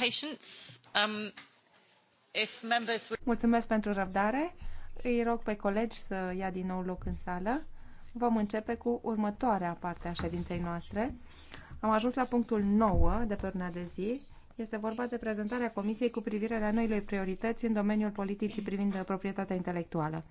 Um, Mulțumesc pentru răbdare. Îi rog pe colegi să ia din nou loc în sală. Vom începe cu următoarea parte a ședinței noastre. Am ajuns la punctul 9 de pe urmă de zi. Este vorba de prezentarea Comisiei cu privire la noile priorități în domeniul politicii privind proprietatea intelectuală.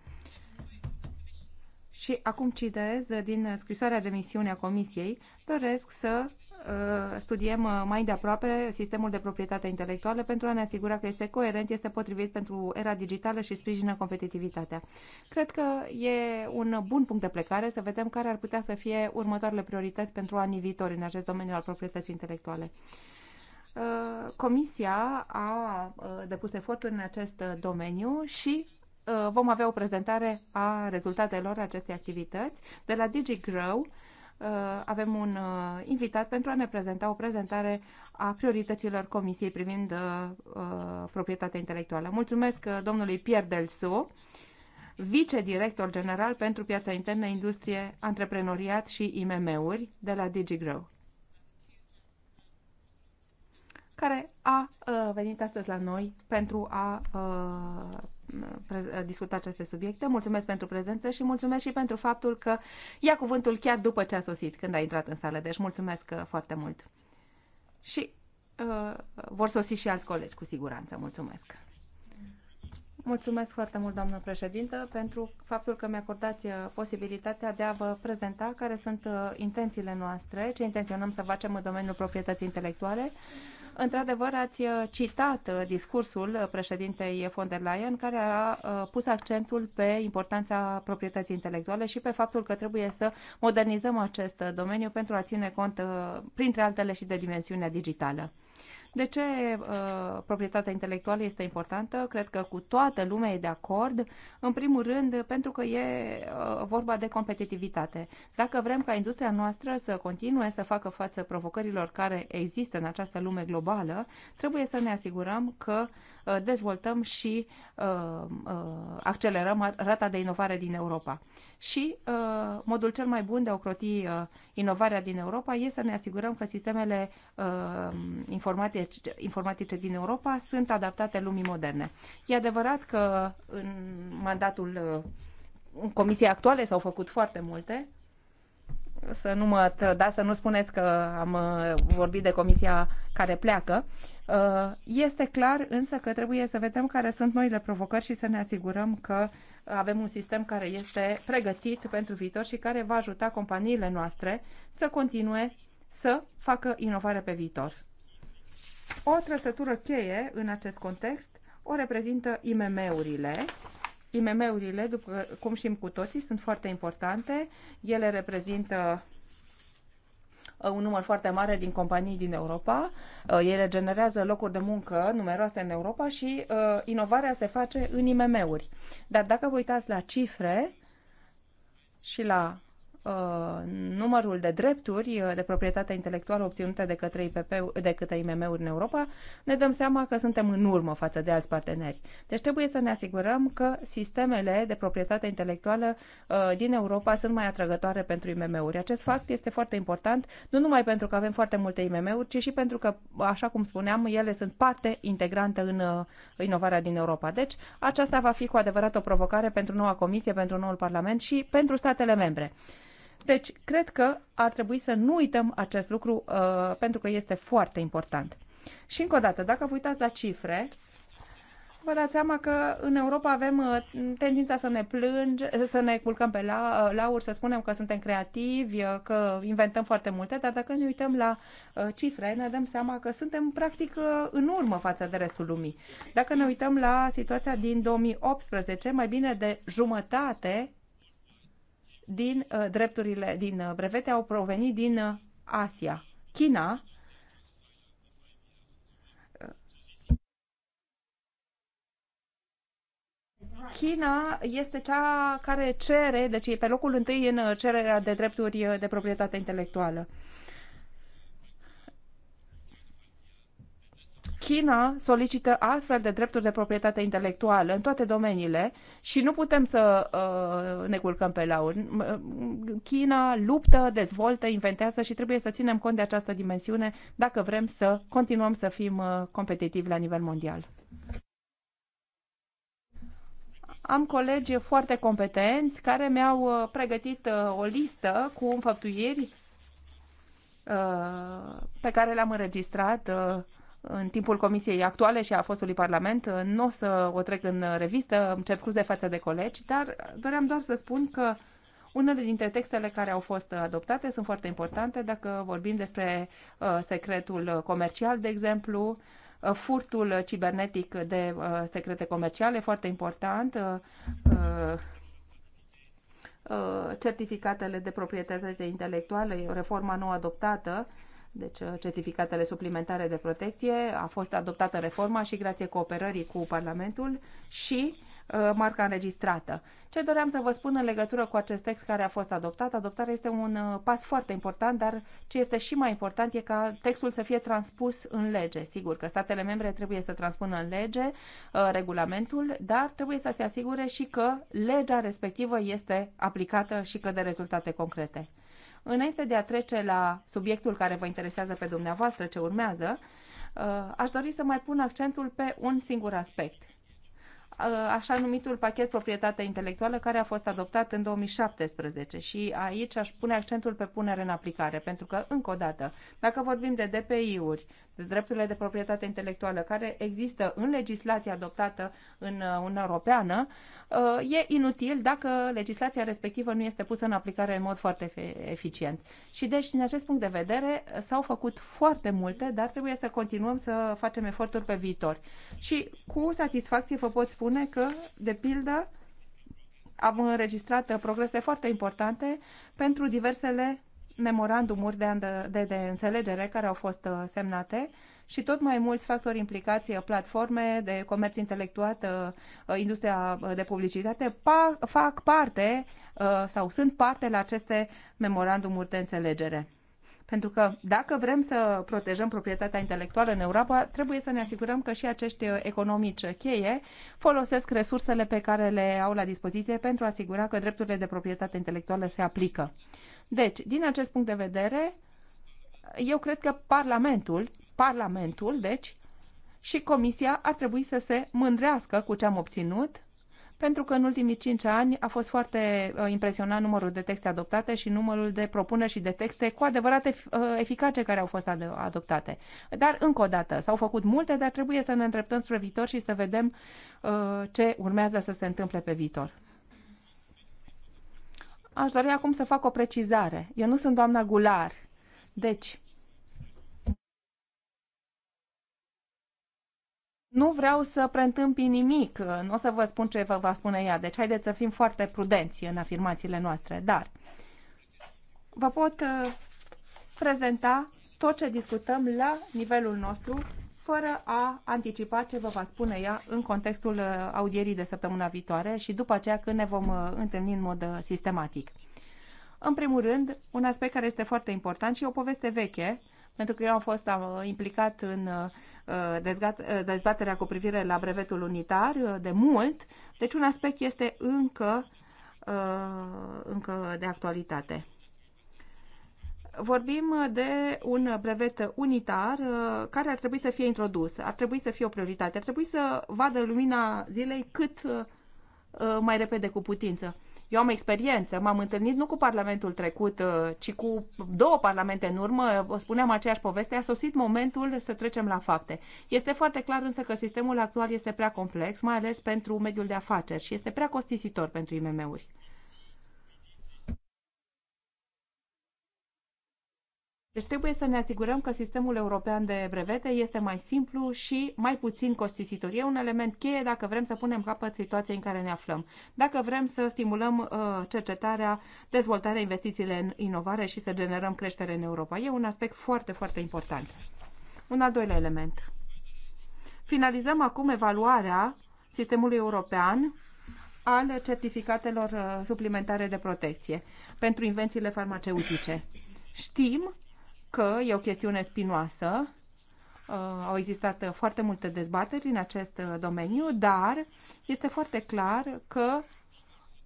Și acum citez din scrisoarea de misiune a Comisiei, doresc să Uh, studiem uh, mai de aproape sistemul de proprietate intelectuală pentru a ne asigura că este coerent, este potrivit pentru era digitală și sprijină competitivitatea. Cred că e un bun punct de plecare să vedem care ar putea să fie următoarele priorități pentru anii viitori în acest domeniu al proprietății intelectuale. Uh, Comisia a depus eforturi în acest domeniu și vom avea o prezentare a rezultatelor acestei activități de la DigiGrow, Uh, avem un uh, invitat pentru a ne prezenta o prezentare a priorităților Comisiei privind uh, proprietatea intelectuală. Mulțumesc domnului Pierre Delso, vicedirector general pentru piața internă, industrie, antreprenoriat și IMM-uri de la DigiGrow care a venit astăzi la noi pentru a discuta aceste subiecte. Mulțumesc pentru prezență și mulțumesc și pentru faptul că ia cuvântul chiar după ce a sosit, când a intrat în sală. Deci mulțumesc uh, foarte mult. Și uh, vor sosi și alți colegi, cu siguranță. Mulțumesc. Mulțumesc foarte mult, doamnă președintă, pentru faptul că mi-acordați uh, posibilitatea de a vă prezenta care sunt uh, intențiile noastre, ce intenționăm să facem în domeniul proprietății intelectuale. Într-adevăr, ați uh, citat uh, discursul uh, președintei von der Leyen, care a pus accentul pe importanța proprietății intelectuale și pe faptul că trebuie să modernizăm acest domeniu pentru a ține cont, printre altele, și de dimensiunea digitală. De ce uh, proprietatea intelectuală este importantă? Cred că cu toată lumea e de acord. În primul rând, pentru că e uh, vorba de competitivitate. Dacă vrem ca industria noastră să continue să facă față provocărilor care există în această lume globală, trebuie să ne asigurăm că uh, Uh, dezvoltăm și uh, uh, accelerăm rata de inovare din Europa. Și modul cel mai bun de a ocroti inovarea din Europa este să ne asigurăm că sistemele informatice, informatice din Europa sunt adaptate lumii moderne. E adevărat că în mandatul Comisiei actuale s-au făcut foarte multe, să nu mă da să nu spuneți că am uh, vorbit de comisia care pleacă. Uh, este clar însă că trebuie să vedem care sunt noile provocări și să ne asigurăm că avem un sistem care este pregătit pentru viitor și care va ajuta companiile noastre să continue să facă inovare pe viitor. O trăsătură cheie în acest context o reprezintă IMM-urile IMM-urile, după cum știm cu toții, sunt foarte importante. Ele reprezintă uh, un număr foarte mare din companii din Europa. Uh, ele generează locuri de muncă numeroase în Europa și uh, inovarea se face în IMM-uri. Dar dacă vă uitați la cifre și la Uh, numărul de drepturi uh, de proprietate intelectuală obținute de către, IPP, de către IMM-uri în Europa, ne dăm seama că suntem în urmă față de alți parteneri. Deci trebuie să ne asigurăm că sistemele de proprietate intelectuală uh, din Europa sunt mai atrăgătoare pentru IMM-uri. Acest fapt este foarte important, nu numai pentru că avem foarte multe IMM-uri, ci și pentru că, așa cum spuneam, ele sunt parte integrantă în inovarea din Europa. Deci aceasta va fi cu adevărat o provocare pentru noua Comisie, pentru noul Parlament și pentru statele membre. Deci, cred că ar trebui să nu uităm acest lucru uh, pentru că este foarte important. Și încă o dată, dacă vă uitați la cifre, vă dați seama că în Europa avem uh, tendința să ne plânge, să ne culcăm pe la, uh, lauri, să spunem că suntem creativi, uh, că inventăm foarte multe, dar dacă ne uităm la cifre, ne dăm seama că suntem practic în urmă față de restul lumii. Dacă ne uităm la situația din 2018, mai bine de jumătate din uh, drepturile, din uh, brevete au provenit din uh, Asia. China China este cea care cere, deci e pe locul întâi în cererea de drepturi de proprietate intelectuală. China solicită astfel de drepturi de proprietate intelectuală în toate domeniile și nu putem să uh, ne culcăm pe lauri. Uh, China luptă, dezvoltă, inventează și trebuie să ținem cont de această dimensiune dacă vrem să continuăm să fim uh, competitivi la nivel mondial. Am colegi foarte competenți care mi-au uh, pregătit o listă cu înfăptuiri uh, pe care le-am înregistrat uh, în timpul comisiei actuale și a fostului Parlament. Nu o să o trec în revistă, îmi cer scuze față de colegi, dar doream doar să spun că unele dintre textele care au fost adoptate sunt foarte importante dacă vorbim despre uh, secretul comercial, de exemplu, uh, furtul cibernetic de uh, secrete comerciale, foarte important, certificatele de proprietate intelectuală, reforma nouă adoptată, deci uh, certificatele suplimentare de protecție, a fost adoptată reforma și grație cooperării cu Parlamentul și uh, marca înregistrată. Ce doream să vă spun în legătură cu acest text care a fost adoptat, adoptarea este un uh, pas foarte important, dar ce este și mai important e ca textul să fie transpus în lege. Sigur că statele membre trebuie să transpună în lege regulamentul, dar trebuie să se asigure și că legea respectivă este aplicată și că de rezultate concrete. Înainte de a trece la subiectul care vă interesează pe dumneavoastră ce urmează, uh, aș dori să mai pun accentul pe un singur aspect. Uh, așa numitul pachet proprietate intelectuală care a fost adoptat în 2017 și aici aș pune accentul pe punere în aplicare, pentru că, încă o dată, dacă vorbim de DPI-uri, drepturile de proprietate intelectuală care există în legislația adoptată în uh, Uniunea Europeană uh, e inutil dacă legislația respectivă nu este pusă în aplicare în mod foarte eficient. Și deci, din acest punct de vedere, uh, s-au făcut foarte multe, dar trebuie să continuăm să facem eforturi pe viitor. Și cu satisfacție vă pot spune că, de pildă, am înregistrat progrese foarte importante pentru diversele memorandumuri de, de, de înțelegere care au fost uh, semnate și tot mai mulți factori implicați, uh, platforme de comerț intelectual, uh, industria de publicitate, fac parte sau sunt parte la aceste memorandumuri de înțelegere. Pentru că dacă vrem să protejăm proprietatea intelectuală în Europa, trebuie să ne asigurăm că și acești economici cheie folosesc resursele pe care le au la dispoziție pentru a asigura că drepturile de proprietate intelectuală se aplică. Deci, din acest punct de vedere, eu cred că Parlamentul, Parlamentul, deci, și Comisia ar trebui să se mândrească cu ce am obținut, pentru că în ultimii cinci ani a fost foarte uh, impresionant numărul de texte adoptate și numărul de propuneri și de texte cu adevărat uh, eficace care au fost adoptate. Dar, încă o dată, s-au făcut multe, dar trebuie să ne îndreptăm spre viitor și să vedem uh, ce urmează să se întâmple pe viitor. Aș dori acum să fac o precizare. Eu nu sunt doamna Gular. Deci, nu vreau să preîntâmpi nimic, nu o să vă spun ce vă va spune ea, deci haideți să fim foarte prudenți în afirmațiile noastre, dar vă pot uh, prezenta tot ce discutăm la nivelul nostru fără a anticipa ce vă va spune ea în contextul uh, audierii de săptămâna viitoare și după aceea când ne vom uh, întâlni în mod uh, sistematic. În primul rând, un aspect care este foarte important și o poveste veche, pentru că eu am fost implicat în dezbaterea cu privire la brevetul unitar de mult, deci un aspect este încă, încă de actualitate. Vorbim uh, de un brevet unitar uh, care ar trebui să fie introdus, ar trebui să fie o prioritate, ar trebui să vadă lumina zilei cât uh, mai repede cu putință. Eu am experiență, m-am întâlnit nu cu parlamentul trecut, ci cu două parlamente în urmă, Vă spuneam aceeași poveste, a sosit momentul să trecem la fapte. Este foarte clar însă că sistemul actual este prea complex, mai ales pentru mediul de afaceri și este prea costisitor pentru IMM-uri. Deci trebuie să ne asigurăm că sistemul european de brevete este mai simplu și mai puțin costisitor. E un element cheie dacă vrem să punem capăt situației în care ne aflăm. Dacă vrem să stimulăm uh, cercetarea, dezvoltarea, investițiile în inovare și să generăm creștere în Europa. E un aspect foarte, foarte important. Un al doilea element. Finalizăm acum evaluarea sistemului european al certificatelor uh, suplimentare de protecție pentru invențiile farmaceutice. Știm că e o chestiune spinoasă. Uh, au existat foarte multe dezbateri în acest uh, domeniu, dar este foarte clar că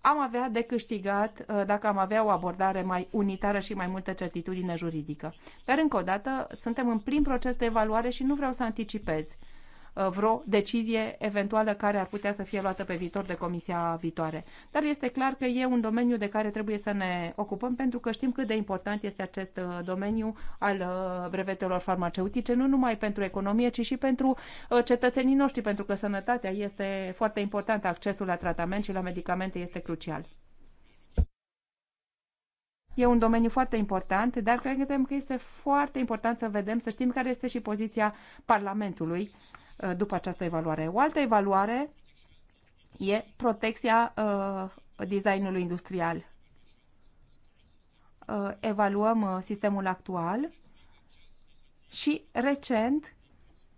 am avea de câștigat uh, dacă am avea o abordare mai unitară și mai multă certitudine juridică. Dar, încă o dată, suntem în plin proces de evaluare și nu vreau să anticipez Uh, vreo decizie eventuală care ar putea să fie luată pe viitor de comisia viitoare. Dar este clar că e un domeniu de care trebuie să ne ocupăm pentru că știm cât de important este acest uh, domeniu al uh, brevetelor farmaceutice, nu numai pentru economie, ci și pentru cetățenii noștri, pentru că sănătatea este foarte importantă, accesul la tratament și la medicamente este crucial. E un domeniu foarte important, dar credem că este foarte important să vedem, să știm care este și poziția Parlamentului Uh, după această evaluare. O altă evaluare e protecția uh, designului industrial. Uh, evaluăm sistemul actual și recent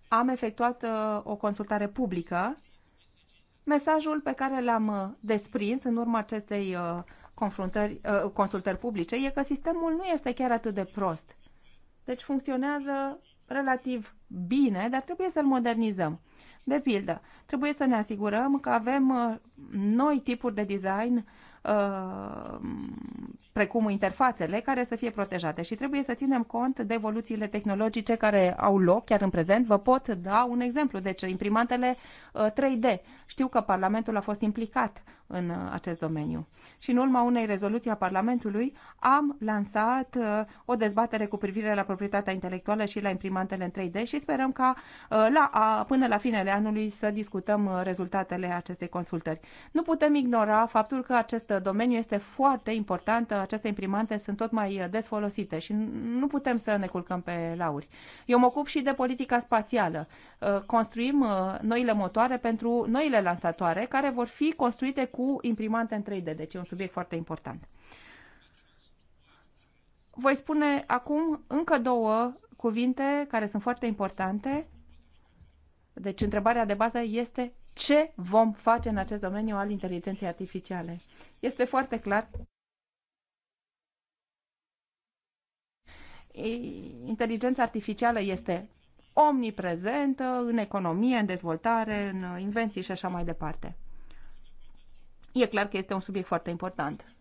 am efectuat o consultare publică. Mesajul pe care l-am desprins în urma acestei confruntări, consultări publice e că sistemul nu este chiar atât de prost. Deci funcționează relativ bine, dar trebuie să-l modernizăm. De pildă, trebuie să ne asigurăm că avem uh, noi tipuri de design uh, precum interfațele, care să fie protejate. Și trebuie să ținem cont de evoluțiile tehnologice care au loc chiar în prezent. Vă pot da un exemplu. Deci, imprimantele 3D. Uh, Știu că Parlamentul a fost implicat în uh, acest domeniu. Și în urma unei rezoluții a Parlamentului am lansat uh, o dezbatere cu privire la proprietatea intelectuală și la imprimantele în 3D și sperăm ca la, până la finele anului să discutăm rezultatele acestei consultări. Nu putem ignora faptul că acest domeniu este foarte important aceste imprimante sunt tot mai des folosite și nu putem să ne culcăm pe lauri. Eu mă ocup și de politica spațială. Uh, construim uh, noile motoare pentru noile lansatoare care vor fi construite cu imprimante în 3D, deci e un subiect foarte important. Voi spune acum încă două cuvinte care sunt foarte importante. Deci întrebarea de bază este ce vom face în acest domeniu al inteligenței artificiale. Este foarte clar inteligența artificială este omniprezentă în economie, în dezvoltare, în invenții și așa mai departe. E clar că este un subiect foarte important.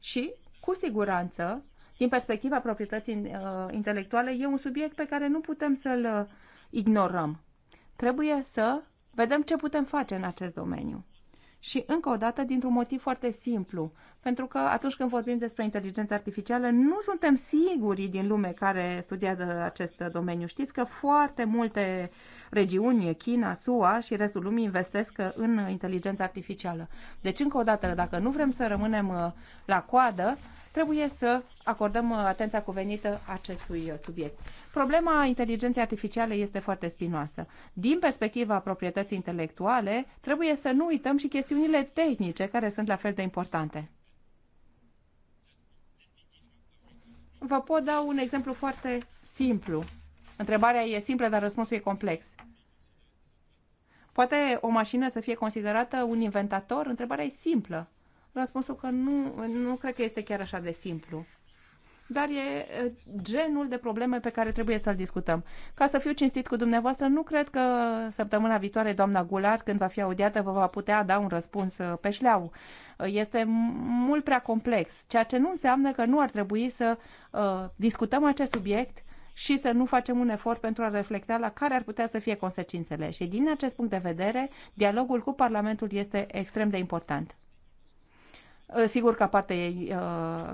Și, cu siguranță, din perspectiva proprietății uh, intelectuale, e un subiect pe care nu putem să-l uh, ignorăm. Trebuie să vedem ce putem face în acest domeniu. Și, încă o dată, dintr-un motiv foarte simplu, pentru că atunci când vorbim despre inteligența artificială, nu suntem siguri din lume care studiază acest domeniu. Știți că foarte multe regiuni, China, SUA și restul lumii investesc în inteligența artificială. Deci, încă o dată, dacă nu vrem să rămânem uh, la coadă, trebuie să acordăm uh, atenția cuvenită acestui uh, subiect. Problema inteligenței artificiale este foarte spinoasă. Din perspectiva proprietății intelectuale, trebuie să nu uităm și chestiunile tehnice care sunt la fel de importante. Vă pot da un exemplu foarte simplu. Întrebarea e simplă, dar răspunsul e complex. Poate o mașină să fie considerată un inventator? Întrebarea e simplă. Răspunsul că nu, nu cred că este chiar așa de simplu dar e genul de probleme pe care trebuie să-l discutăm. Ca să fiu cinstit cu dumneavoastră, nu cred că săptămâna viitoare doamna Gular, când va fi audiată, vă va putea da un răspuns uh, pe șleau. Uh, este mult prea complex, ceea ce nu înseamnă că nu ar trebui să uh, discutăm acest subiect și să nu facem un efort pentru a reflecta la care ar putea să fie consecințele. Și din acest punct de vedere, dialogul cu Parlamentul este extrem de important. Eh, sigur ca parte ei, eh,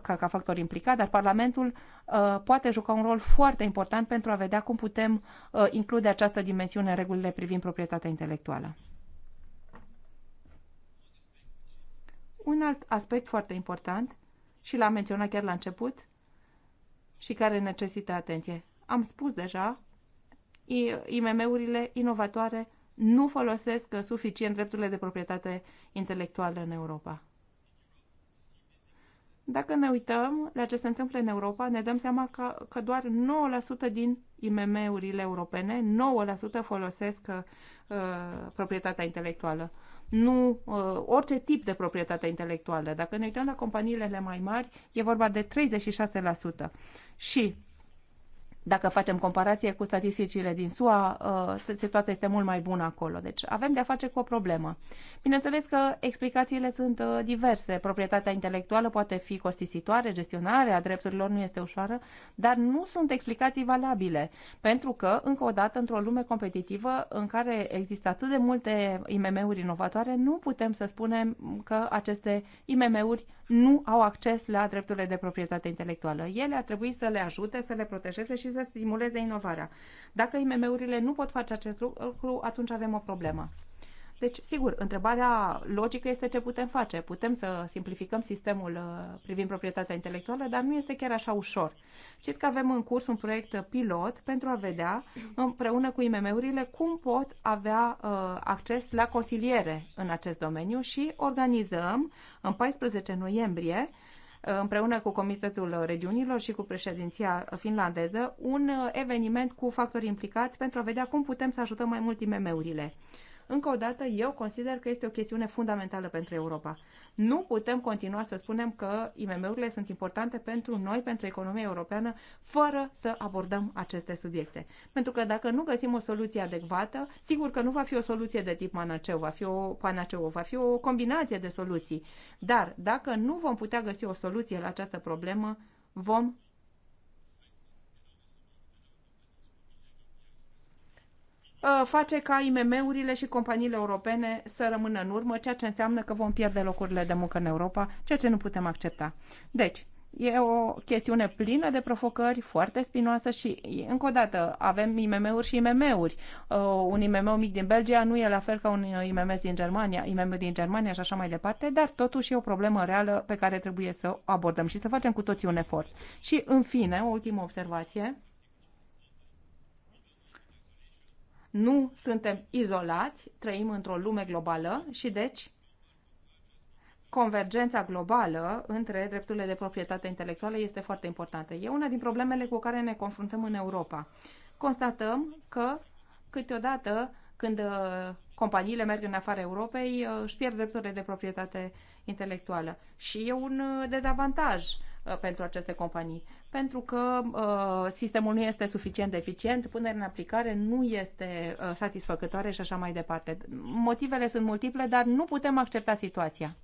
ca, ca factor implicat, dar Parlamentul eh, poate juca un rol foarte important pentru a vedea cum putem include această dimensiune în regulile privind proprietatea intelectuală. Un alt aspect foarte important și l-am menționat chiar la început și care necesită atenție. Am spus deja, IMM-urile inovatoare nu folosesc suficient drepturile de proprietate intelectuală în Europa. Dacă ne uităm la ce se întâmplă în Europa, ne dăm seama că, că doar 9% din IMM-urile europene, 9% folosesc uh, proprietatea intelectuală. Nu uh, orice tip de proprietate intelectuală. Dacă ne uităm la companiile mai mari, e vorba de 36%. Și dacă facem comparație cu statisticile din SUA, uh, situația este mult mai bună acolo. Deci avem de-a face cu o problemă. Bineînțeles că explicațiile sunt uh, diverse. Proprietatea intelectuală poate fi costisitoare, gestionarea drepturilor nu este ușoară, dar nu sunt explicații valabile. Pentru că, încă o dată, într-o lume competitivă în care există atât de multe IMM-uri inovatoare, nu putem să spunem că aceste IMM-uri nu au acces la drepturile de proprietate intelectuală. Ele ar trebui să le ajute, să le protejeze și să stimuleze inovarea. Dacă IMM-urile nu pot face acest lucru, atunci avem o problemă. Deci, sigur, întrebarea logică este ce putem face. Putem să simplificăm sistemul uh, privind proprietatea intelectuală, dar nu este chiar așa ușor. Știți că avem în curs un proiect pilot pentru a vedea, împreună cu IMM-urile, cum pot avea uh, acces la consiliere în acest domeniu și organizăm în 14 noiembrie împreună cu Comitetul Regiunilor și cu președinția finlandeză un eveniment cu factori implicați pentru a vedea cum putem să ajutăm mai mult IMM-urile. Încă o dată, eu consider că este o chestiune fundamentală pentru Europa. Nu putem continua să spunem că IMM-urile sunt importante pentru noi, pentru economia europeană, fără să abordăm aceste subiecte. Pentru că dacă nu găsim o soluție adecvată, sigur că nu va fi o soluție de tip manaceu, va fi o panaceu, va fi o combinație de soluții. Dar dacă nu vom putea găsi o soluție la această problemă, vom Uh, face ca IMM-urile și companiile europene să rămână în urmă, ceea ce înseamnă că vom pierde locurile de muncă în Europa, ceea ce nu putem accepta. Deci, E o chestiune plină de provocări, foarte spinoasă și, încă o dată, avem IMM-uri și IMM-uri. Uh, un IMM mic din Belgia nu e la fel ca un IMM din Germania, IMM din Germania și așa mai departe, dar totuși e o problemă reală pe care trebuie să o abordăm și să facem cu toții un efort. Și, în fine, o ultimă observație. nu suntem izolați, trăim într-o lume globală și deci convergența globală între drepturile de proprietate intelectuală este foarte importantă. E una din problemele cu care ne confruntăm în Europa. Constatăm că câteodată când uh, companiile merg în afara Europei, uh, își pierd drepturile de proprietate intelectuală. Și e un uh, dezavantaj pentru aceste companii pentru că uh, sistemul nu este suficient de eficient, punerea în aplicare nu este uh, satisfăcătoare și așa mai departe. Motivele sunt multiple, dar nu putem accepta situația.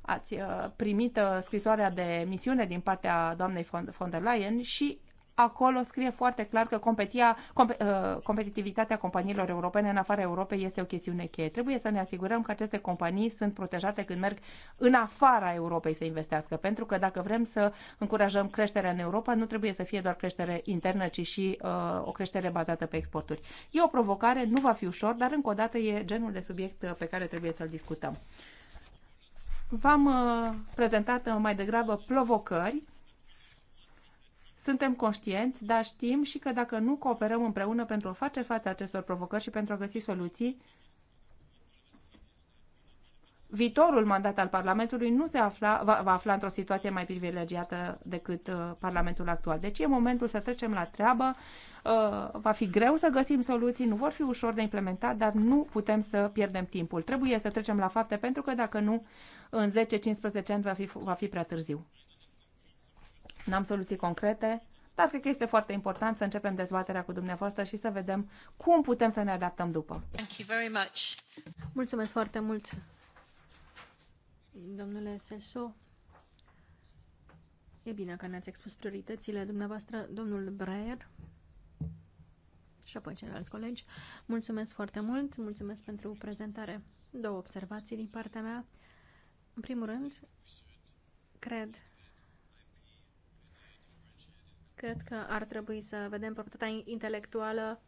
Ați uh, primit uh, scrisoarea de misiune din partea doamnei von, von der Leyen și acolo scrie foarte clar că competia, com, uh, competitivitatea companiilor europene în afara Europei este o chestiune cheie. Trebuie să ne asigurăm că aceste companii sunt protejate când merg în afara Europei să investească, pentru că dacă vrem să încurajăm creșterea în Europa, nu trebuie să fie doar creștere internă, ci și uh, o creștere bazată pe exporturi. E o provocare, nu va fi ușor, dar încă o dată e genul de subiect uh, pe care trebuie să-l discutăm. V-am uh, prezentat uh, mai degrabă provocări suntem conștienți, dar știm și că dacă nu cooperăm împreună pentru a face față acestor provocări și pentru a găsi soluții, viitorul mandat al Parlamentului nu se afla, va, va afla într-o situație mai privilegiată decât uh, Parlamentul actual. Deci e momentul să trecem la treabă. Uh, va fi greu să găsim soluții, nu vor fi ușor de implementat, dar nu putem să pierdem timpul. Trebuie să trecem la fapte, pentru că dacă nu, în 10-15 ani va fi, va fi prea târziu n-am soluții concrete, dar cred că este foarte important să începem dezbaterea cu dumneavoastră și să vedem cum putem să ne adaptăm după. Thank you very much. Mulțumesc foarte mult, domnule Selso. E bine că ne-ați expus prioritățile dumneavoastră, domnul Breyer și apoi ceilalți colegi. Mulțumesc foarte mult, mulțumesc pentru prezentare. Două observații din partea mea. În primul rând, cred Cred că ar trebui să vedem proprietatea intelectuală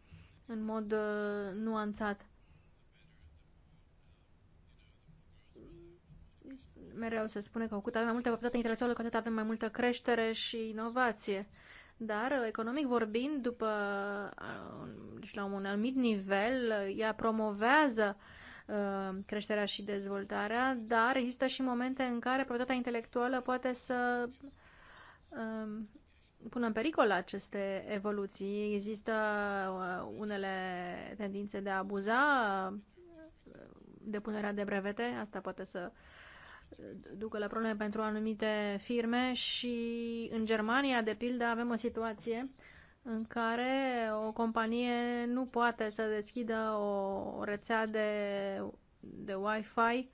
în mod uh, nuanțat. Mereu se spune că cu cât avem mai multă proprietate intelectuală, cu atât avem mai multă creștere și inovație. Dar, economic vorbind, după, și uh, deci la un anumit nivel, ea promovează uh, creșterea și dezvoltarea, dar există și momente în care proprietatea intelectuală poate să pună în pericol aceste evoluții. Există uh, unele tendințe de a abuza uh, depunerea de brevete, asta poate să uh, ducă la probleme pentru anumite firme și în Germania, de pildă, avem o situație în care o companie nu poate să deschidă o rețea de, de Wi-Fi uh,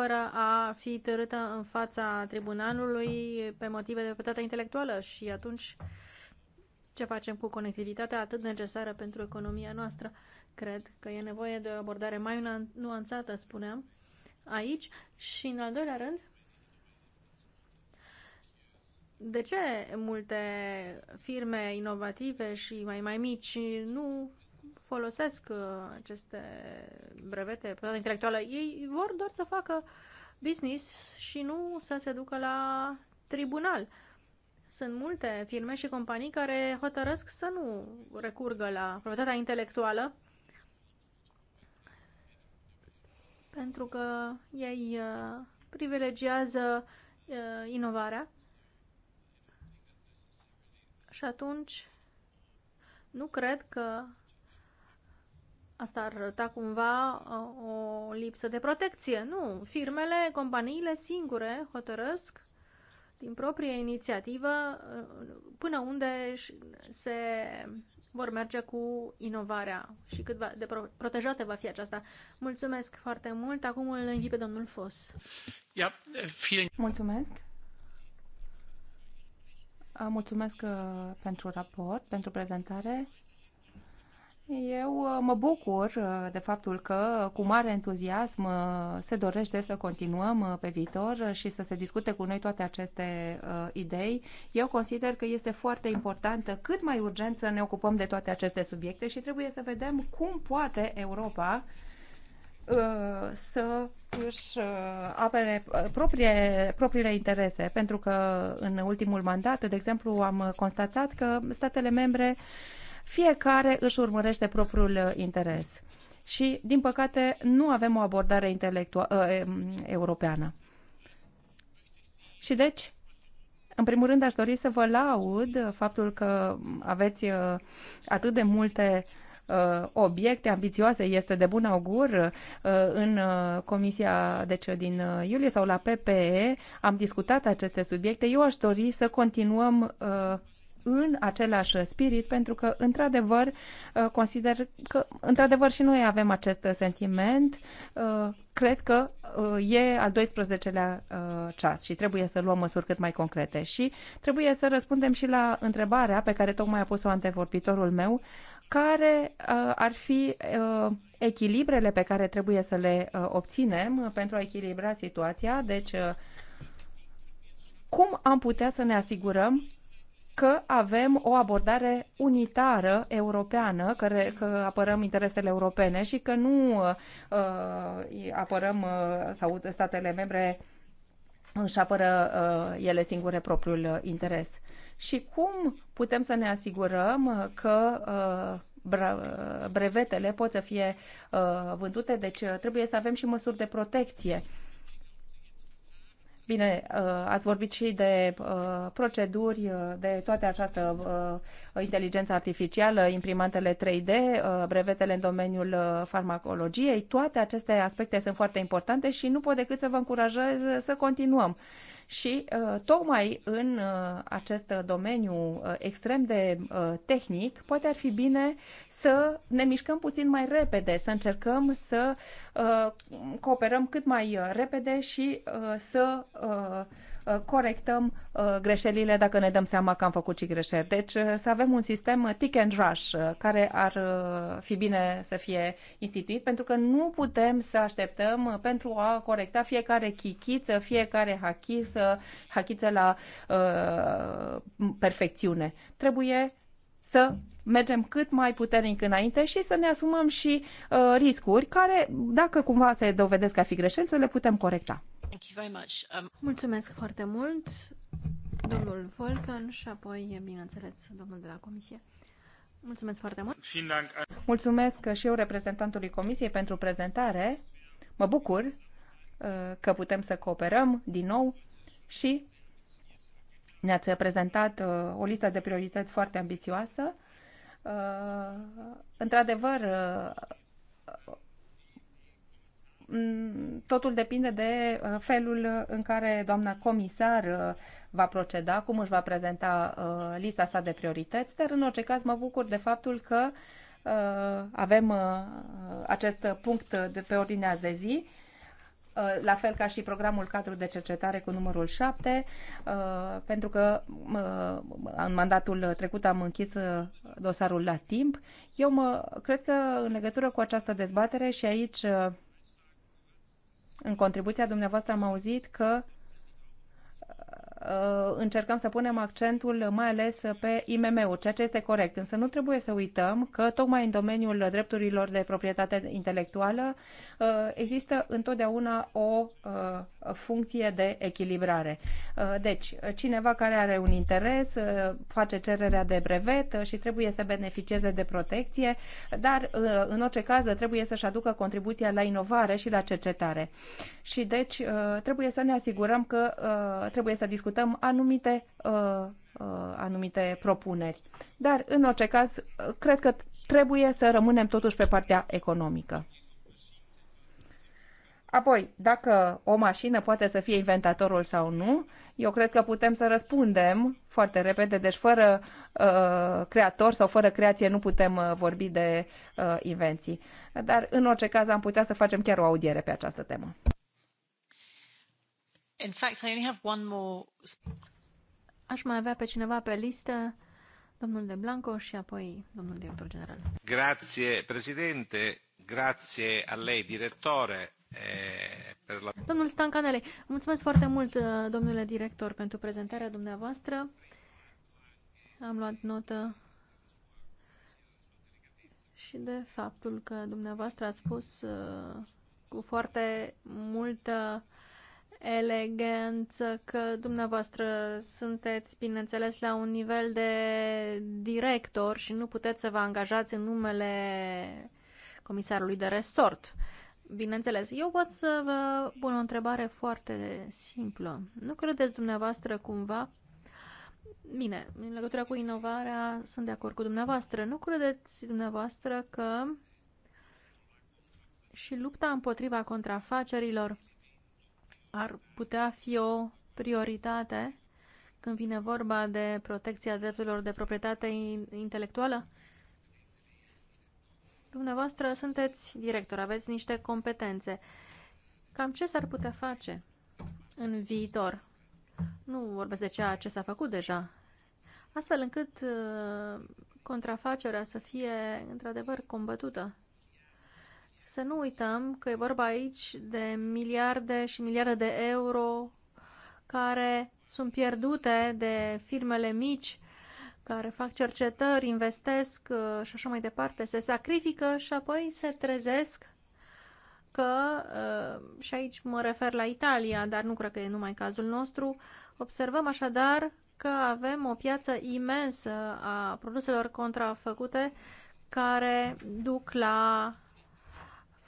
fără a fi târâtă în fața tribunalului pe motive de proprietate intelectuală și atunci ce facem cu conectivitatea atât necesară pentru economia noastră? Cred că e nevoie de o abordare mai nuanțată, spuneam, aici. Și în al doilea rând, de ce multe firme inovative și mai, mai mici nu folosesc uh, aceste brevete, proprietate intelectuală. Ei vor doar să facă business și nu să se ducă la tribunal. Sunt multe firme și companii care hotărăsc să nu recurgă la proprietatea intelectuală pentru că ei uh, privilegiază uh, inovarea și atunci nu cred că Asta ar arăta cumva uh, o lipsă de protecție. Nu, firmele, companiile singure hotărăsc din proprie inițiativă uh, până unde se vor merge cu inovarea și cât de protejată va fi aceasta. Mulțumesc foarte mult. Acum îl invit pe domnul Fos. Mulțumesc. Mulțumesc uh, pentru raport, pentru prezentare. Eu uh, mă bucur uh, de faptul că cu mare entuziasm uh, se dorește să continuăm pe viitor și să se discute cu noi toate aceste idei. Eu consider că este foarte importantă cât mai urgent să ne ocupăm de toate aceste subiecte și trebuie să vedem cum poate Europa să își apere proprie, propriile interese, pentru că în ultimul mandat, de exemplu, am constatat că statele membre uh, fiecare își urmărește propriul uh, interes. Și, din păcate, nu avem o abordare uh, europeană. Și deci, în primul rând, aș dori să vă laud faptul că aveți uh, atât de multe obiecte ambițioase, este de bun augur în comisia deci din iulie sau la PPE am discutat aceste subiecte. Eu aș dori să continuăm în același spirit, pentru că, într-adevăr, uh, consider că, într-adevăr, și noi avem acest sentiment. Uh, cred că uh, e al 12-lea ceas și trebuie să luăm măsuri cât mai concrete. Și trebuie să răspundem și la întrebarea pe care tocmai a pus-o antevorbitorul meu, care ar fi echilibrele pe care trebuie să le obținem pentru a echilibra situația. Deci, cum am putea să ne asigurăm că avem o abordare unitară europeană, re, că apărăm interesele europene și că nu uh, apărăm uh, sau statele membre își apără uh, ele singure propriul interes. Și cum putem să ne asigurăm că uh, brevetele pot să fie uh, vândute, deci uh, trebuie să avem și măsuri de protecție. Bine, uh, ați vorbit și de uh, proceduri, uh, de toate această inteligență artificială, imprimantele 3D, brevetele în domeniul farmacologiei, toate aceste aspecte sunt foarte importante și nu pot decât să vă încurajez să continuăm și uh, tocmai în uh, acest domeniu uh, extrem de tehnic, poate ar fi bine să ne mișcăm puțin mai repede, să încercăm să cooperăm cât mai repede și să Uh, corectăm uh, greșelile dacă ne dăm seama că am făcut și greșeli. Deci uh, să avem un sistem tick and rush care ar fi bine să fie instituit pentru că nu putem să așteptăm pentru a corecta fiecare chichiță, fiecare hachiță, hachiță la uh, perfecțiune. Trebuie să mergem cât mai puternic înainte și să ne asumăm și uh, riscuri care, dacă cumva se dovedesc a fi greșeli, să le putem corecta. Um, Mulțumesc foarte mult, domnul Volcan și apoi, bineînțeles, domnul de la Comisie. Mulțumesc foarte mult. Mulțumesc și eu reprezentantului Comisiei pentru prezentare. Mă bucur uh, că putem să cooperăm din nou și ne-ați prezentat uh, o listă de priorități foarte ambițioasă. Uh, într-adevăr, totul depinde de uh, felul în care doamna comisar uh, va proceda, cum își va prezenta uh, lista sa de priorități, dar în orice caz mă bucur de faptul că avem acest punct de pe ordinea de zi la fel ca și programul cadru de cercetare cu numărul 7, pentru că în mandatul trecut am închis dosarul la timp. Eu mă, cred că în legătură cu această dezbatere și aici în contribuția dumneavoastră am auzit că uh, încercăm să punem accentul mai ales pe IMM-uri, ceea ce este corect. Însă nu trebuie să uităm că tocmai în domeniul drepturilor de proprietate intelectuală uh, există întotdeauna o uh, funcție de echilibrare. Uh, deci, cineva care are un interes uh, face cererea de brevet și trebuie să beneficieze de protecție, dar uh, în orice caz trebuie să-și aducă contribuția la inovare și la cercetare. Și deci trebuie să ne asigurăm că trebuie să discutăm anumite anumite propuneri. Dar, în orice caz, cred că trebuie să rămânem totuși pe partea economică. Apoi, dacă o mașină poate să fie inventatorul sau nu, eu cred că putem să răspundem foarte repede, deci fără uh, creator sau fără creație nu putem uh, vorbi de uh, invenții. Dar, în orice caz, am putea să facem chiar o audiere pe această temă. In fact, I only have one more... Aș mai avea pe cineva pe listă, domnul De Blanco și apoi domnul director general. Grazie, președinte. Grazie a lei, direttore. Eh, per la... Domnul Stancanele, mulțumesc foarte mult, eh, domnule director, pentru prezentarea dumneavoastră. Am luat notă și de faptul că dumneavoastră ați spus eh, cu foarte multă eleganță că dumneavoastră sunteți, bineînțeles, la un nivel de director și nu puteți să vă angajați în numele comisarului de resort. Uh, bineînțeles. Eu pot să vă pun o întrebare foarte simplă. Nu credeți dumneavoastră cumva Bine, în legătură cu inovarea sunt de acord cu dumneavoastră. Nu credeți dumneavoastră că și lupta împotriva contrafacerilor ar putea fi o prioritate când vine vorba de protecția drepturilor de proprietate intelectuală? Dumneavoastră sunteți director, aveți niște competențe. Cam ce s-ar putea face în viitor? Nu vorbesc de ceea ce s-a făcut deja, astfel încât uh, contrafacerea să fie într-adevăr combătută. Să nu uităm că e vorba aici de miliarde și miliarde de euro care sunt pierdute de firmele mici care fac cercetări, investesc uh, și așa mai departe, se sacrifică și apoi se trezesc că, uh, și aici mă refer la Italia, dar nu cred că e numai cazul nostru, observăm așadar că avem o piață imensă a produselor contrafăcute care duc la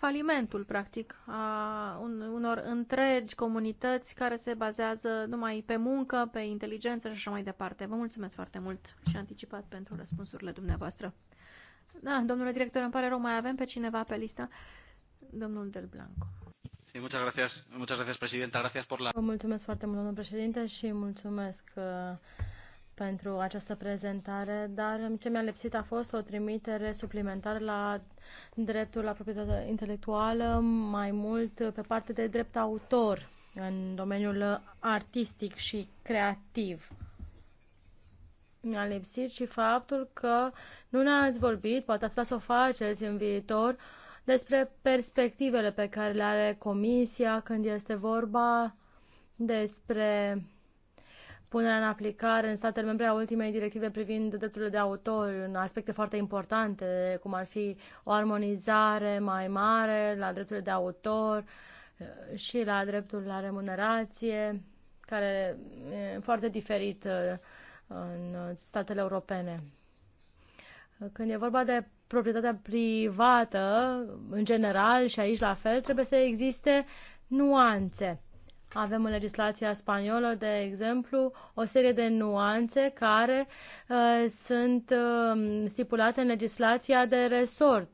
falimentul, practic, a unor întregi comunități care se bazează numai pe muncă, pe inteligență și așa mai departe. Vă mulțumesc foarte mult și anticipat pentru răspunsurile dumneavoastră. Da, domnule director, îmi pare rău, mai avem pe cineva pe listă? Domnul Del Blanco. Sí, muchas gracias, muchas gracias, presidenta. Gracias por la... Vă mulțumesc foarte mult, domnul președinte, și mulțumesc uh, pentru această prezentare, dar ce mi-a lipsit a fost o trimitere suplimentară la dreptul la proprietatea intelectuală, mai mult pe parte de drept autor în domeniul artistic și creativ. Mi-a lipsit și faptul că nu ne-ați vorbit, poate ați putea să o faceți în viitor, despre perspectivele pe care le are Comisia când este vorba despre punerea în aplicare în statele membre a ultimei directive privind drepturile de autor în aspecte foarte importante, cum ar fi o armonizare mai mare la drepturile de autor eh, și la dreptul la remunerație, care e foarte diferit eh, în statele europene. Când e vorba de proprietatea privată, în general și aici la fel, trebuie să existe nuanțe avem în legislația spaniolă, de exemplu, o serie de nuanțe care uh, sunt uh, stipulate în legislația de resort.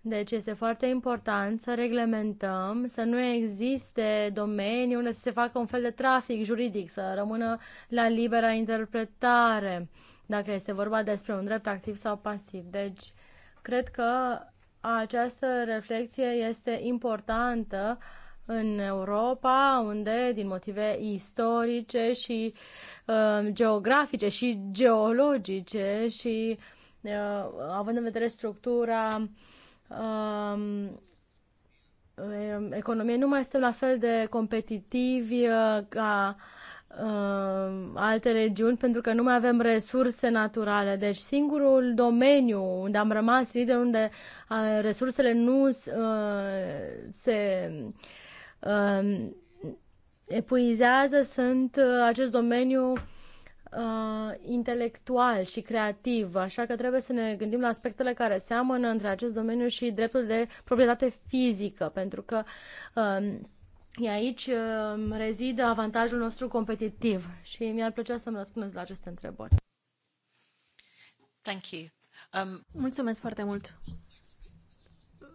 Deci este foarte important să reglementăm, să nu existe domenii unde să se facă un fel de trafic juridic, să rămână la libera interpretare, dacă este vorba despre un drept activ sau pasiv. Deci, cred că această reflexie este importantă uh, în Europa, unde, din motive istorice și uh, geografice și geologice și uh, având în vedere structura uh, economiei, nu mai suntem la fel de competitivi uh, ca uh, alte regiuni pentru că nu mai avem resurse naturale. Deci singurul domeniu unde am rămas lider, unde uh, resursele nu uh, se uh, epuizează sunt uh, acest domeniu uh, intelectual și creativ, așa că trebuie să ne gândim la aspectele care seamănă între acest domeniu și dreptul de proprietate fizică, pentru că uh, E aici uh, um, rezidă avantajul nostru competitiv și mi-ar plăcea să-mi răspundeți la aceste întrebări. Thank you. Um... Mulțumesc foarte mult.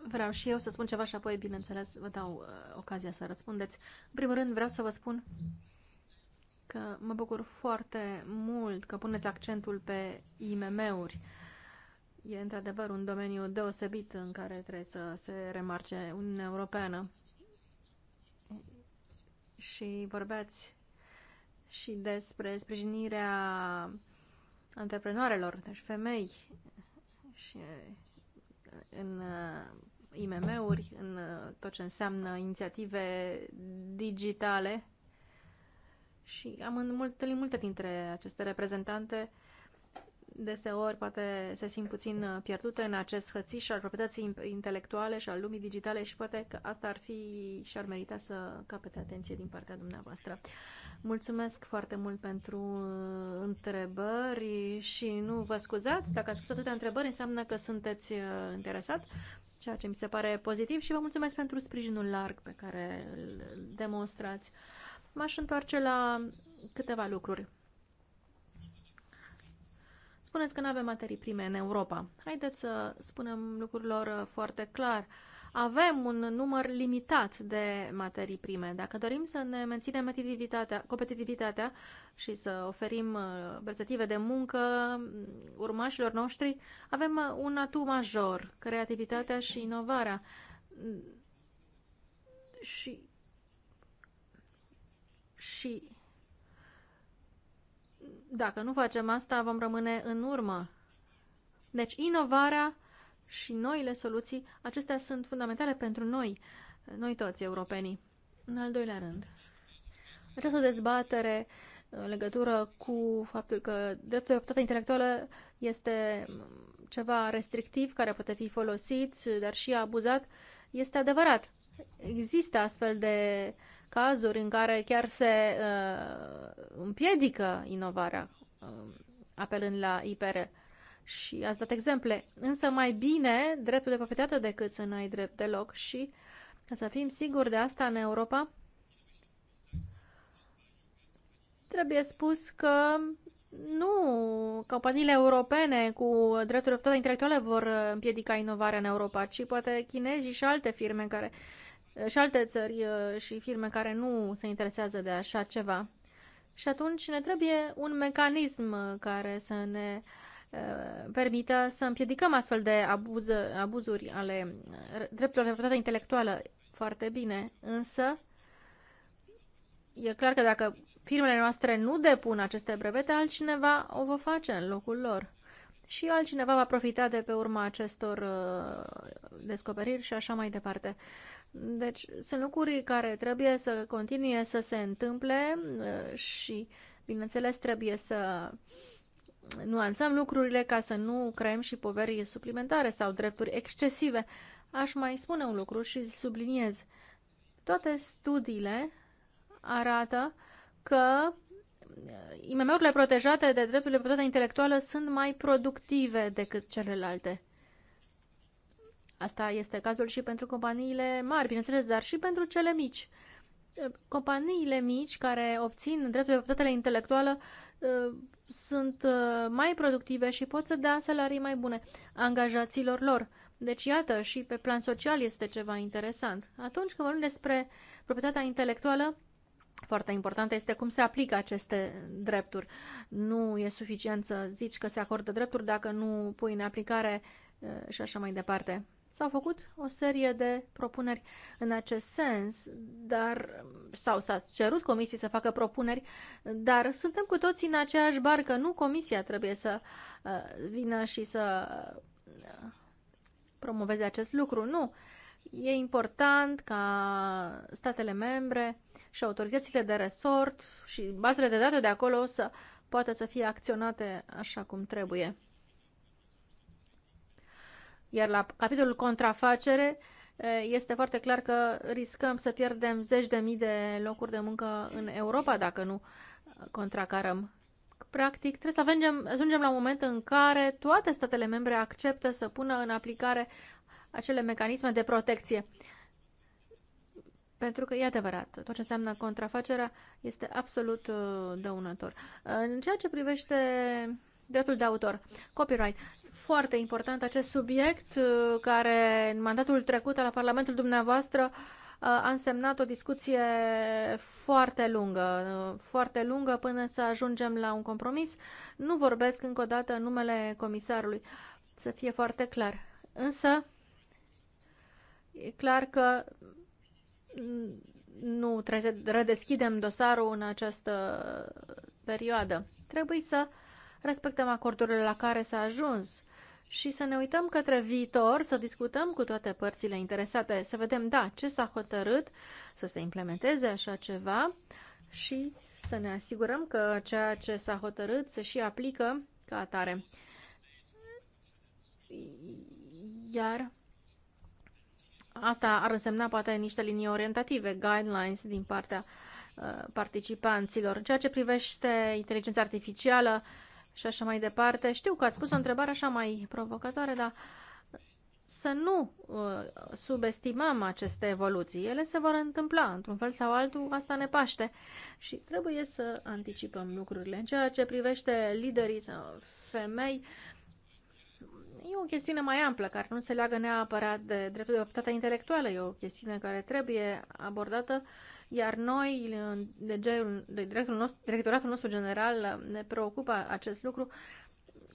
Vreau și eu să spun ceva și apoi, bineînțeles, vă dau uh, ocazia să răspundeți. În primul rând, vreau să vă spun că mă bucur foarte mult că puneți accentul pe IMM-uri. E într-adevăr un domeniu deosebit în care trebuie să se remarce Uniunea Europeană. Și vorbeați și despre sprijinirea antreprenoarelor, deci femei și uh, în uh, IMM-uri, în uh, tot ce înseamnă inițiative digitale. Și am întâlnit multe dintre aceste reprezentante. Deseori poate se simt puțin uh, pierdute în acest hățiș al proprietății intelectuale și al lumii digitale și poate că asta ar fi și ar merita să capete atenție din partea dumneavoastră. Mulțumesc foarte mult pentru uh, întrebări și nu vă scuzați, dacă ați spus atâtea întrebări înseamnă că sunteți interesat ceea ce mi se pare pozitiv și vă mulțumesc pentru sprijinul larg pe care îl demonstrați. M-aș întoarce la câteva lucruri. Spuneți că nu avem materii prime în Europa. Haideți să spunem lucrurilor foarte clar. Uh, avem un număr limitat de materii prime. Dacă dorim să ne menținem competitivitatea, competitivitatea și să oferim uh, perspective de muncă mm, urmașilor noștri, avem uh, un atu major, creativitatea și inovarea. Mm, și, și dacă nu facem asta, vom rămâne în urmă. Deci inovarea și noile soluții, acestea sunt fundamentale pentru noi, noi toți europenii. În al doilea rând, această dezbatere uh, în legătură cu faptul că dreptul de proprietate intelectuală este mm, ceva restrictiv care poate fi folosit, dar și abuzat, este adevărat. Există astfel de cazuri în care chiar se uh, împiedică inovarea, uh, apelând la IPR și ați dat exemple. Însă mai bine dreptul de proprietate decât să n-ai drept deloc și ca să fim siguri de asta în Europa, trebuie spus că nu, companiile europene cu dreptul de proprietate intelectuală vor împiedica inovarea în Europa, ci poate chinezii și alte firme care și alte țări uh, și firme care nu se interesează de așa ceva. Și atunci ne trebuie un mecanism uh, care să ne uh, Uh, permită să împiedicăm astfel de abuz, abuzuri ale uh, drepturilor de proprietate intelectuală foarte bine, însă e clar că dacă firmele noastre nu depun aceste brevete, altcineva o va face în locul lor. Și altcineva va profita de pe urma acestor uh, descoperiri și așa mai departe. Deci sunt lucruri care trebuie să continue să se întâmple și, bineînțeles, trebuie să uh, nuanțăm lucrurile ca să nu creăm și poveri suplimentare sau drepturi excesive. Aș mai spune un lucru și subliniez. Toate studiile arată că uh, IMM-urile protejate de drepturile proprietate intelectuală sunt mai productive decât celelalte. Asta este cazul și pentru companiile mari, bineînțeles, dar și pentru cele mici. Uh, companiile mici care obțin drepturile proprietate intelectuală uh, sunt uh, mai productive și pot să dea salarii mai bune angajaților lor. Deci, iată, și pe plan social este ceva interesant. Atunci când vorbim despre proprietatea intelectuală, foarte important este cum se aplică aceste drepturi. Nu e suficient să zici că se acordă drepturi dacă nu pui în aplicare uh, și așa mai departe. S-au făcut o serie de propuneri în acest sens, dar sau s-a cerut comisiei să facă propuneri, dar suntem cu toții în aceeași barcă, nu comisia trebuie să uh, vină și să uh, promoveze acest lucru, nu. E important ca statele membre și autoritățile de resort și bazele de date de acolo să poată să fie acționate așa cum trebuie. Iar la capitolul contrafacere eh, este foarte clar că riscăm să pierdem zeci de mii de locuri de muncă în Europa dacă nu contracarăm. Practic, trebuie să ajungem, ajungem la un moment în care toate statele membre acceptă să pună în aplicare acele mecanisme de protecție. Pentru că e adevărat, tot ce înseamnă contrafacerea este absolut uh, dăunător. În ceea ce privește dreptul de autor, copyright, foarte important acest subiect uh, care în mandatul trecut al Parlamentului dumneavoastră uh, a însemnat o discuție foarte lungă, uh, foarte lungă până să ajungem la un compromis. Nu vorbesc încă o dată în numele comisarului, să fie foarte clar. Însă, e clar că nu trebuie să redeschidem dosarul în această perioadă. Trebuie să respectăm acordurile la care s-a ajuns și să ne uităm către viitor, să discutăm cu toate părțile interesate, să vedem, da, ce s-a hotărât, să se implementeze așa ceva și să ne asigurăm că ceea ce s-a hotărât se și aplică ca atare. Iar asta ar însemna poate niște linii orientative, guidelines din partea uh, participanților. În ceea ce privește inteligența artificială, uh, și așa mai departe. Știu că ați pus o întrebare așa mai provocatoare, dar să nu uh, subestimăm aceste evoluții. Ele se vor întâmpla într-un fel sau altul, asta ne paște și trebuie să anticipăm lucrurile. În ceea ce privește liderii sau femei, e o chestiune mai amplă, care nu se leagă neapărat de dreptul de proprietate intelectuală, e o chestiune care trebuie abordată uh, iar noi, directorul nostru, directoratul nostru general, ne preocupă acest lucru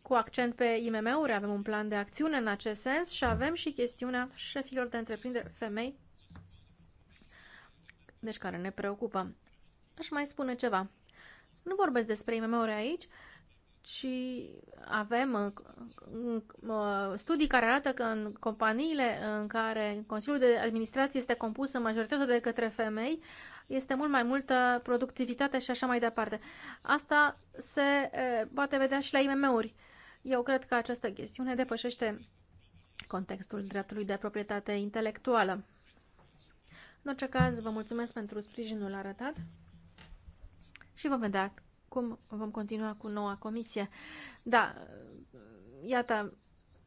cu accent pe IMM-uri. Avem un plan de acțiune în acest sens și avem și chestiunea șefilor de întreprindere femei, deci care ne preocupă. Aș mai spune ceva. Nu vorbesc despre IMM-uri aici, ci avem uh, uh, studii care arată că în companiile în care Consiliul de Administrație este compus în majoritatea de către femei, este mult mai multă productivitate și așa mai departe. Asta se uh, poate vedea și la IMM-uri. Eu cred că această chestiune depășește contextul dreptului de proprietate intelectuală. În orice caz, vă mulțumesc pentru sprijinul arătat și vă vedea cum vom continua cu noua comisie. Da, iată,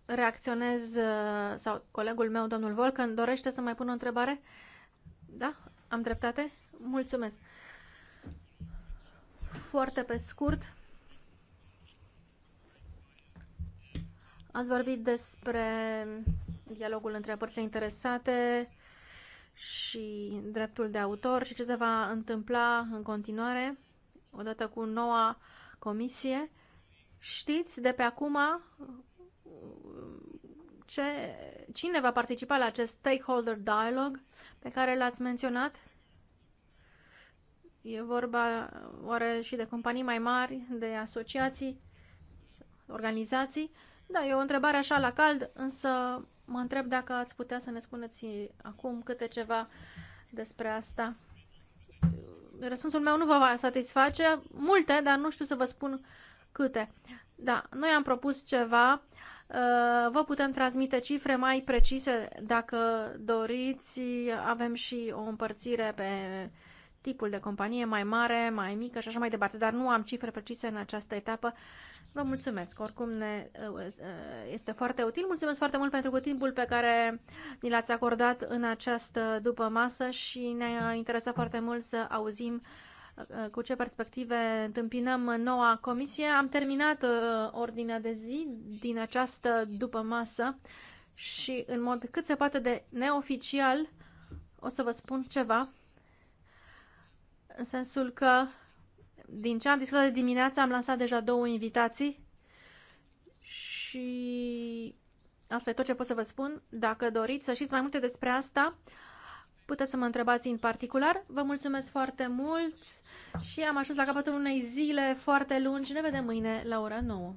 reacționez, uh, sau colegul meu, domnul Volcan, dorește să mai pun o întrebare? Da? Am dreptate? Mulțumesc. Foarte pe scurt, ați vorbit despre dialogul între părțile interesate și dreptul de autor și ce se va întâmpla în continuare odată cu noua comisie, știți de pe acum ce, cine va participa la acest stakeholder dialogue pe care l-ați menționat? E vorba oare și de companii mai mari, de asociații, organizații? Da, e o întrebare așa la cald, însă mă întreb dacă ați putea să ne spuneți acum câte ceva despre asta răspunsul meu nu vă va satisface multe, dar nu știu să vă spun câte. Da, noi am propus ceva, uh, vă putem transmite cifre mai precise dacă doriți, avem și o împărțire pe tipul de companie mai mare, mai mică și așa mai departe, dar nu am cifre precise în această etapă Vă mulțumesc. Oricum ne, este foarte util. Mulțumesc foarte mult pentru timpul pe care ni l-ați acordat în această după masă și ne-a interesat foarte mult să auzim uh, cu ce perspective întâmpinăm noua comisie. Am terminat uh, ordinea de zi din această după masă și în mod cât se poate de neoficial o să vă spun ceva în sensul că din ce am discutat de dimineață, am lansat deja două invitații și asta e tot ce pot să vă spun. Dacă doriți să știți mai multe despre asta, puteți să mă întrebați în particular. Vă mulțumesc foarte mult și am ajuns la capătul unei zile foarte lungi. Ne vedem mâine la ora 9.